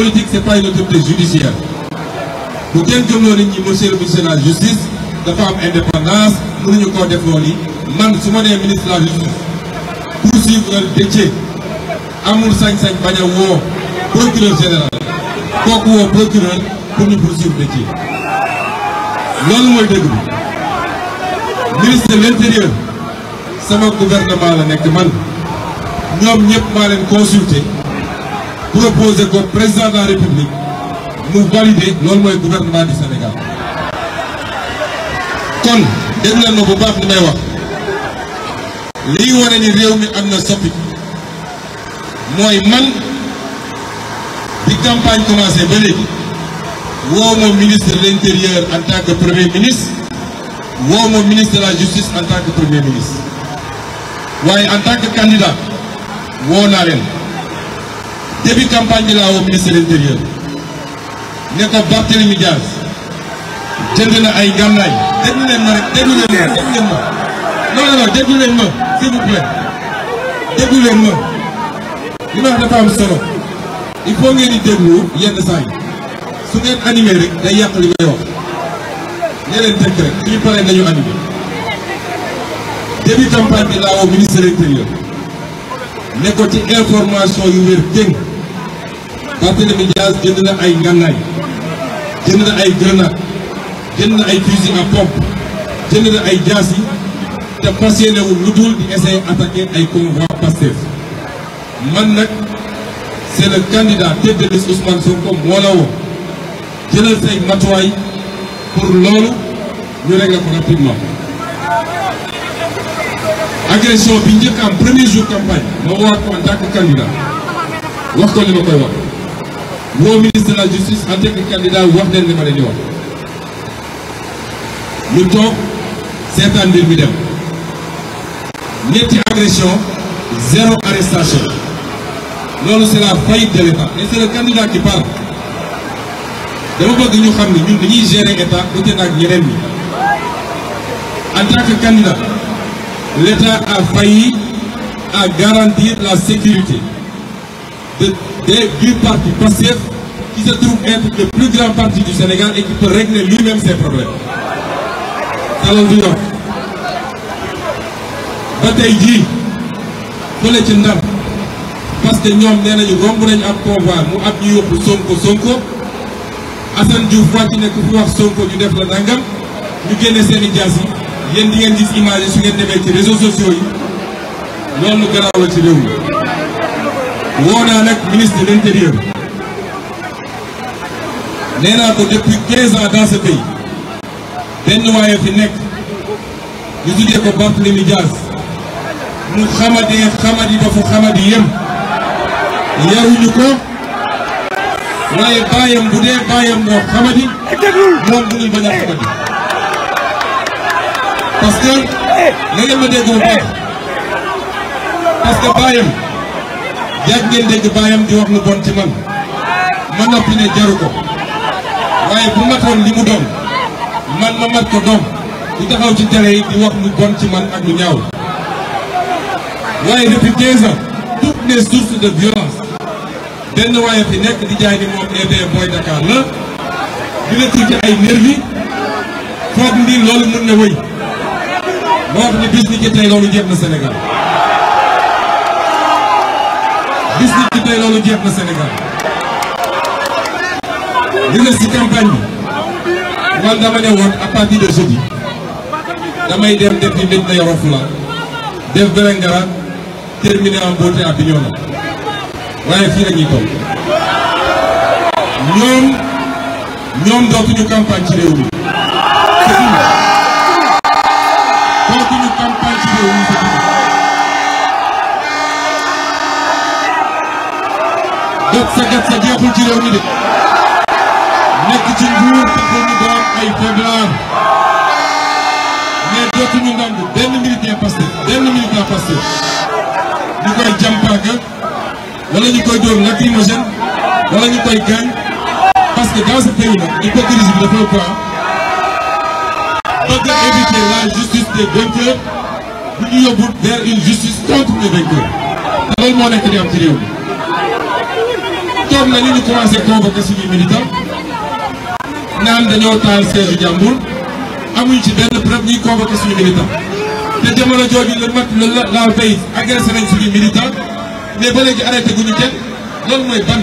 politique c'est pas une autorité judiciaire bu kenn gëmloo nit ñi monsieur le justice dafa am indépendance mënuñu koo def loolu man su ma nee ministre de la justice poursuivre Déthié amul sañ-sañ bañ woo procureur général kooku woo procureur pour ñu poursuivre Déthié loolu mooy dëgg bi ministre l'intérieur sama gouvernement la nekk man ñoom ñëpp maa leen consulter proposé ko président de république mu validé loolu mooy gouvernement du Sénégal. kon dégg leen ma bu baax li may wax liy wane ni réew mi am na soppi mooy man bi campagne commencé ba léegi woo ma ministre de l'intérieur en tant que premier ministre woo moo ministre la justice en tant premier ministre waaye en tant que woo naa leen. début campagne bi laa woo ministre de l'intérieur ne ko jënd na ay gànnaay déglu leen ma rek déglu leen ma déglu leen ma non non leen ma leen ma li ma wax solo il faut ngeen di déglu yenn saa yi su ngeen animé rek day yàq li ngay wax ne leen dëkk rek suñu paree dañu animé début campagne bi laa woo ministre de l'intérieur ko ci information yu wér dégg Barthélémy Dias jënd na ay ngànnaay jënd na ay grenade jënd na ay fusil à pompe jënd na ay jaas yi te passionné lu dul di essayer attaquer ay convoi Pastef man nag c'est le candidat tête de liste Ousmane Sonko moo la woo jëlal say matuwaay pour loolu ñu régler ko rapidement agression bi njëkk am premier jour campagne ma woowaat ko en tant wax ko li ma koy wax moo ministre la justice en tant wax leen li ma leen di wax ñu toog seetaan mbir mi dem ñetti agression zéro arrestation loolu c'est la faillite de l'État et c'est le candidat qui parle dama bëgg ñu xam ne ñun dañuy gérer état ute naag ñeneen ñi en tant l'État a failli à garantir la sécurité de, du parti passif qui se trouve être le plus grand parti du Sénégal et qui peut régler lui-même du Yoff ba tey jii fële ci ndam parce que ñoom nee nañu romb nañu ab convoi mu ab ñu yóbbu Sonko Sonko Assane Diouf wàcc ne ku fi wax Sonko ñu def la nangam ñu génne seen i jaas yi yéen di ngeen gis image su ngeen demee ci réseaux sociaux yi loolu garaaw la ci réew mi woo nag ministre l'intérieur nee ko depuis 15 ans dans ce pays benn waaye fi nekk ñu tuddee ko Barthélémy Dias mu xamadee xamadi ba xamadi yem yaruñu ko waaye baayam bu dee baayam moo xamadi moom bu ñuy bañ xamadi parce que la ngeen ma déggoo baax parce que baayam yàgg ngeen di wax lu bon man ma noppi jaru ko waaye bu matoon limu mu doon ma mat ko doom du taxaw ci télé yi di wax lu bon ci man ak lu ñaaw waaye depuis 15 ans toutes les sources de violence benn waaye fi nekk di jaay ni moom EB Boy Dakar la di la tuuti ay nervi foog ni loolu mën na wéy moo wax ni bis ni ki tey loolu jeex na Sénégal ñu ne campagne bi man dama ne woon à de jeudi damay dem def di Médina Yoro Foulah def Vélingara terminé en beauté à Bignona waaye fii la ñuy ñoom dootuñu campagne ci réew mi. dootuñu sa gët sa jeexul ci réew mi de. nekk ci nguur te dañu doon ay faiblard mais dootuñu nangu benn militant Pastef benn militant Pastef ñu koy jàmpaaka wala ñu koy dóor lacrymogène wala ñu koy gaañ parce que dans ce pays là l'hypocrisie bi dafa quoi ah. bëgg justice des vainqueurs bu ñu vers une justice contre les vainqueurs te loolu moo nekk di am ci réew mi toog nañu ñu commencé convoquer suñuy militants naan dañoo taal seetu jàmbur amuñ ci benn preuve ñuy convoqué suñu militant te jamono jooju la mat la la veille agressé nañ suñu militant mais ba léegi arrêté guñu kenn loolu mooy ban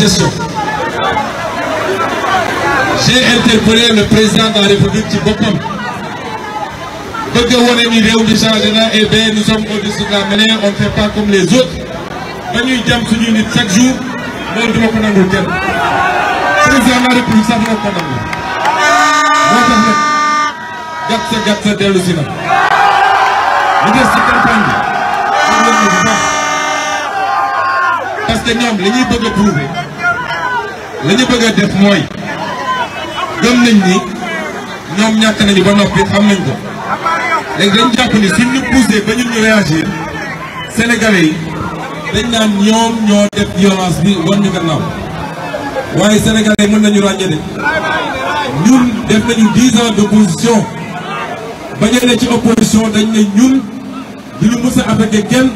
gestion. j'ai interpellé le président de la république ci boppam bëgg a wane ni réew mi changé na et bien nous sommes au-dessus de la on ne comme les autres ba ñuy jam suñuy nit chaque jour loolu duma ko nangul président de la république sax li des ci campagne bi xam leen bu baax parce que ñoom li ñuy bëgg a bëgg a def mooy gëm nañ ni ñoom ñàkk nañu ba noppi xam nañ ko léegi dañ jàpp ni suñ ñu poussé ba ñun ñu réagir sénégalais yi dañ naan ñoom ñoo def violence bi wan ñu gannaaw waaye sénégalais mën nañu ràññee de ñun def nañu dix ans d'opposition bañee ne ci opposition dañ ne ñun du ñu mus a attaqué kenn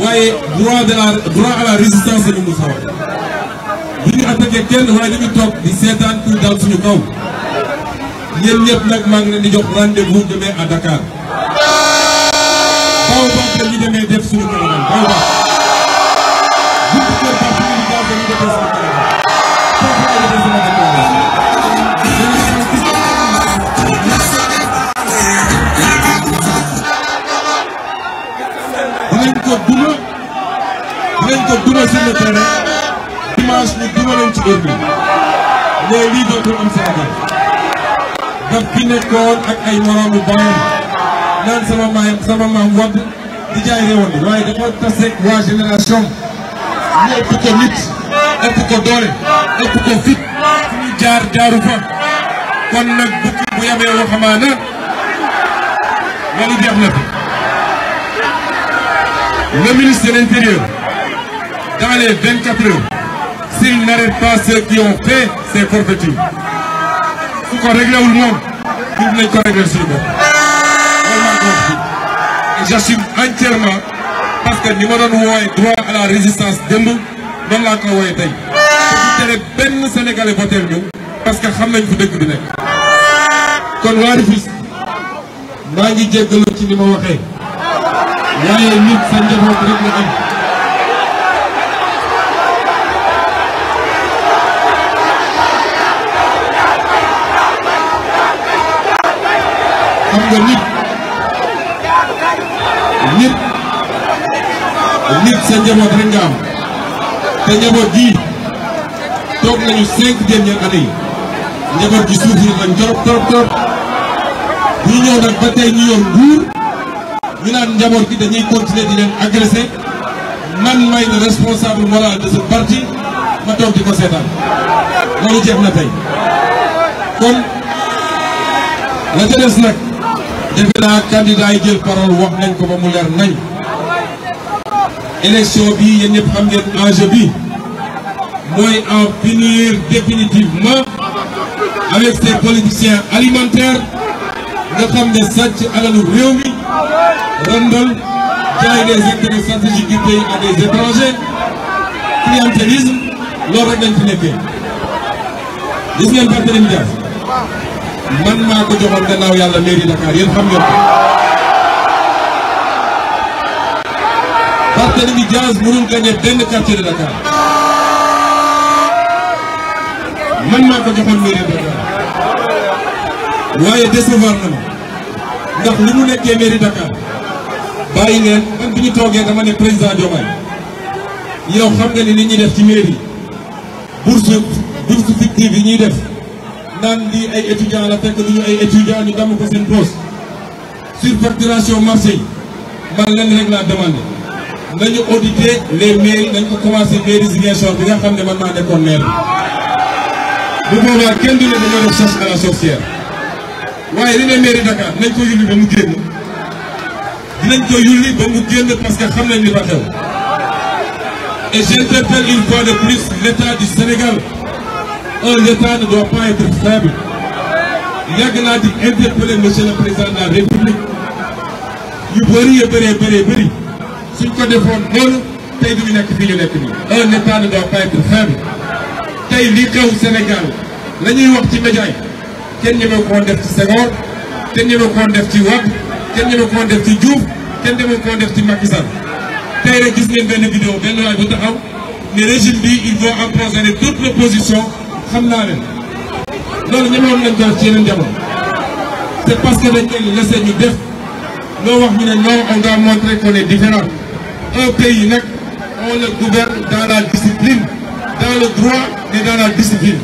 waaye droit de la droit à la résistance la ñu mus a wax du ñu attaqué kenn waaye dañu toog di seetaan kuy dal suñu kaw ñeen ñëpp nag maa ngi leen di jox rendez-vous demee à Dakar. ko duma sur le terrain dimanche ñu duma leen ci heure bi mais lii dootul am Sénégal daf ak ay moroomu baayam naan sama maam sama di jaay réewam bi waaye dafa taseeg waa génération ñu ëpp ko nit ëpp ko doole ëpp ko fit jaar jaaru fa kon nag bu yamee waxamaana loolu jeex na fi le ministre de l'intérieur dans les 24 heures s'ils n'arrêtent pas ceux qui ont fait ces forfaitures su ko réglé wul moom ñun dinañ ko réglé suñu ko wax fii. j'assume entièrement parce que ni ma doon woowee droit à la résistance démb noonu laa ko woowee tey. te tere benn Sénégalais voteel ñu. parce xam nañ fu dëkk bi nekk. kon waa Rufisque maa ngi jéggalu ci ni ma waxee. waaye nit sa njaboot rek la am. xam nga nit nit nit sa njaboot rek am te njaboot ji toog nañu cinq dernières années gi souffrir nañ ñëw nag ba tey ñu yor ñu naan njaboot gi dañuy continuer di leen agressé man may le responsable moral de ce parti ma toog di ko seetaan loolu jeex na tey kon la ca des nag. defe naa candidat yi jël parole wax nañ ko ba mu leer nañ élection bi yéen ñëpp xam ngeen enjeu bi mooy en finir définitivement avec ces politiciens alimentaires nga xam ne sàcc alalu réew mi randal jaay des intérêts stratégiques du pays à des étrangers clientélisme loolu rek lañ fi nekkee gis ngeen Barthélémy Dias man maa ko joxoon gannaaw yàlla mairie Dakar yéen xam ngeen ko. Barthélémy Dias mënul gagné ko joxoon mairie Dakar waaye décevoir mu nekkee mairie Dakar bàyyi leen man bi ñu toogee dama ne président Diomaye yow xam nga ni li ñuy def ci mairie bourse bourse fictive yi ñuy def. naan lii ay étudiants la fekk duñu ay étudiants ñu damm ko seen poste surfacturation marché yi man lenn rek laa demandé nañu auditer les mairies nañ ko commencé mairie Ziguinchor bi nga xam ne man maa nekkoon maire bi bu boobaa kenn du ne dañoo def chasse à la nañ ko yulli ba mu génn dinañ ko yulli ba mu génn parce que xam nañ li fa xew et j'interpelle une fois de plus l'état du Sénégal un État ne doit pas être faible yàgg di interpeller monsieur le président de la république yu bëri yu bëree bëree bëri suñ ko defoon noonu tey du ñu nekk fii ñu nekk nii. un État ne doit pas être faible tey lii xew Sénégal la wax ci média yi kenn ñeme ko def ci Senghor kenn ñeme ko def ci Wade kenn ñeme ko def ci Diouf kenn ñeme def ci Macky Sall gis ngeen benn vidéo benn waay bu taxaw ne régime bi il doit empoisonner toute l'opposition xam naa leen loolu ñemewoon nañ def ci yeneen jamono c' est parce que dañ leen laissé ñu def loo wax ñu ne non on doit montrer qu'on est différent un pays nag on le gouverne dans la discipline dans le droit et dans la discipline.